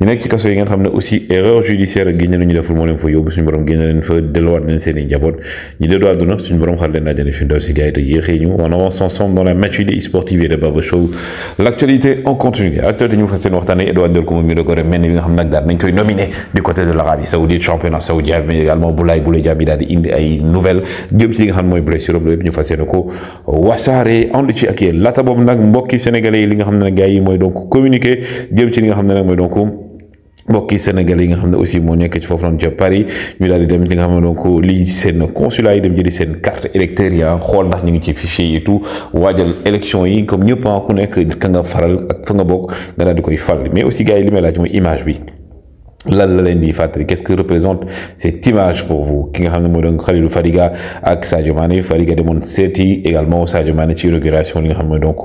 ñi nekk ci kaso yi nga xam ne aussi erreur judiciaire génne nañu deful moo leen fa yóbbu suñu borom génne leen fa delluwaat leen seen i njaboot ñi déddu àdduna suñu borom xar leen daajane fi ndaw si gars yi te yéexee ñu on avance ensemble dans la matinée sportive et le Baba Show l' actualité en continu actualité ñu fas yéene waxtaanee Edouard Diol ko moom mi da ko rek mel ni bi nga xam nag daal nañ koy nominé du côté de l'Arabie Saoudite championnat saoudien mais également Boulaye Boulaye Dia bi daal di indi ay nouvelles jëm ci li nga xam mooy blessure am lépp ñu fas yéene ko wasaare ànd ci ak yéen laata boobu nag mbokki sénégalais yi li nga xam ne gars yi mooy donc communiqué jëm ci li nga xam ne nag mooy donc Bon, sénégalais yi nga vous aussi mo nekk ci Paris ñu daal di dem nga donc consulat yi dem carte électorale. xool ñu ngi ci fichier yi tout waajal élection yi comme ñëpp ah, ku nekk nga faral ak fa nga bok di koy mais aussi gars yi a image la leen di qu'est-ce que représente cette image pour vous qui nga xam ne moo Fariga Khalilou Fadiga ak Sadio Mané Fadiga demoon seeti également Sadio Mané sur inauguration qui nga xam ne donc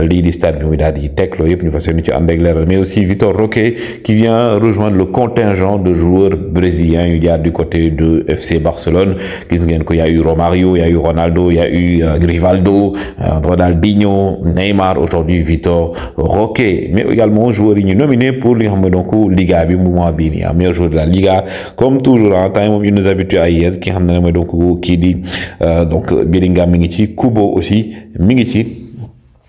lii stade bi muy daal di teg loolu yëpp ñu fas ci mais aussi Vitor Roque qui vient rejoindre le contingent de joueurs brésiliens y a du côté de FC Barcelone se ngeen ko y a eu Romario y a eu Ronaldo il y a eu euh, Grivaldo, euh, Ronaldinho Neymar aujourd'hui Vitor Roque mais également joueurs yi nominés pour li nga xam donc Liga bi mouvement Habib yi meilleur joueur de la Liga comme toujours ah temps moom il nous habitue ay yéen ki nga xam ne mooy donc kii euh, di euh, donc Bellingham mi ngi ci Kubo aussi mi ngi ci.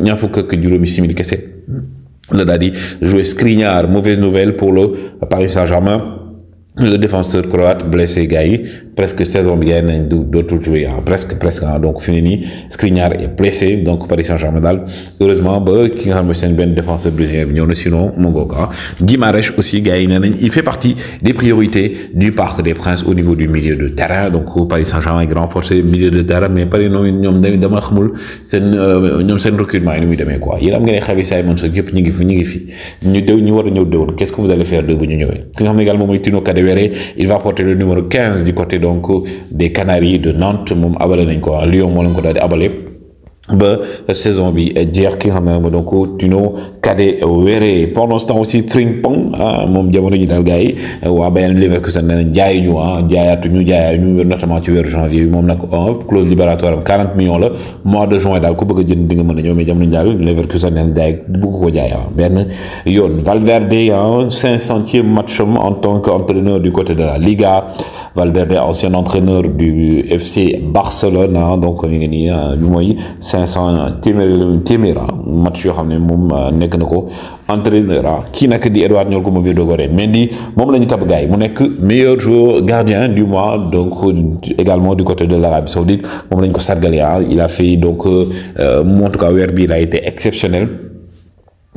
il ñaar fukk ak juróomi simili de la je vais jouer screenard. mauvaise nouvelle pour le Paris Saint-Germain le défenseur croate blessé Gaï presque saison bien, d'autres jouer hein, presque presque hein. donc fini. Skriniar est blessé donc Paris Saint-Germain heureusement ba ki nga xam défenseur brésilien bi y sinon un hein. Guimarães aussi gars il fait partie des priorités du Parc des Princes au niveau du milieu de terrain donc Paris Saint-Germain est renforcé milieu de terrain mais Paris Saint-Germain dañu dama xamul seen euh, ñom sen recrutement yi démé quoi a am ngeen ay Xavi Simons ak yëpp ñi ngi fi ñu ngi fi ñu war a un qu'est-ce que vous allez faire de bu ñu ñëwee ki nga Tino de il va porter le numéro 15 du côté donc des Canaries de Nantes à abalé n'ko Lyon moo leen ko daal ba saison bi jeex ki nga donc Kade Wéré pendant ce temps aussi Frimpong ah moom jamono ji daal gars yi ah, waa Bayern Leverkusen nee nañ jaayu ñu ah jaayaatuñu jaayaatuñu notamment ci weeru janvier bi moom nag ah, clause libératoire am 40 millions la mois de juin daal ku bëgg a jënd di nga mën a ñëw mais jamono ji daal Leverkusen nee nañ jaay ko jaay ah benn Valverde ah 500e match en tant qu'entraîneur du côté de la Liga Valverde ancien entraîneur du FC Barcelone ah, donc ñu ngi nii lu mooy 500 cent Mathieu, yoo qui euh, entraîneur ah, di Edouard ñol ko bi meilleur joueur gardien du mois donc également du côté de l'Arabie Saoudite mom lañ ko ah. il a fait donc euh, euh, en tout cas il a été exceptionnel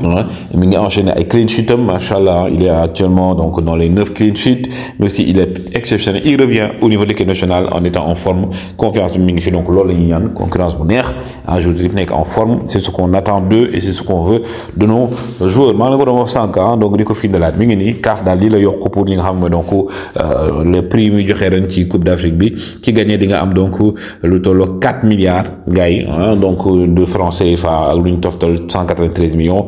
Ouais. Il a enchaîné avec clean sheet, hein, machallah, hein. il est actuellement donc dans les 9 clean sheets, mais aussi il est exceptionnel. Il revient au niveau de l'équipe nationale en étant en forme. Confiance du donc l'Olinian, concurrence bonheur, un jour en forme, c'est ce qu'on attend d'eux et c'est ce qu'on veut de nos joueurs. Malheureusement, 5 ans, donc du coup, de la Mingini, CAF Dali, le Yoko pour l'Ingham, donc euh, le prix Mujaheren qui Coupe d'Afrique, qui gagnait gars. donc le taux 4 milliards, gagne, donc de Français, CFA, l'Unitoftal 193 millions.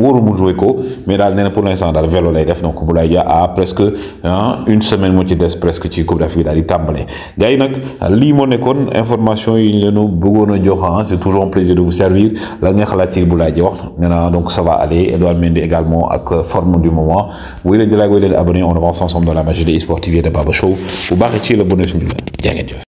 wóorumul joué ko mais dans nee pour l'instant, instant daal vélo lay def donc Boulaye a à presque hein, une semaine moitié ci des presque ci Coupe la Afrique daal di tàmbale gars yi nag information yi ñu leen bëggoon hein, C'est jox toujours un plaisir de vous servir la nga xalaat ci Boulaye wax na donc ça va aller Edouard Mendy également ak forme du moment wuy leen di la wuy leen abonné on avance ensemble dans la magie des sportifs de Baba Show bu baaxee ci la bonne suñu la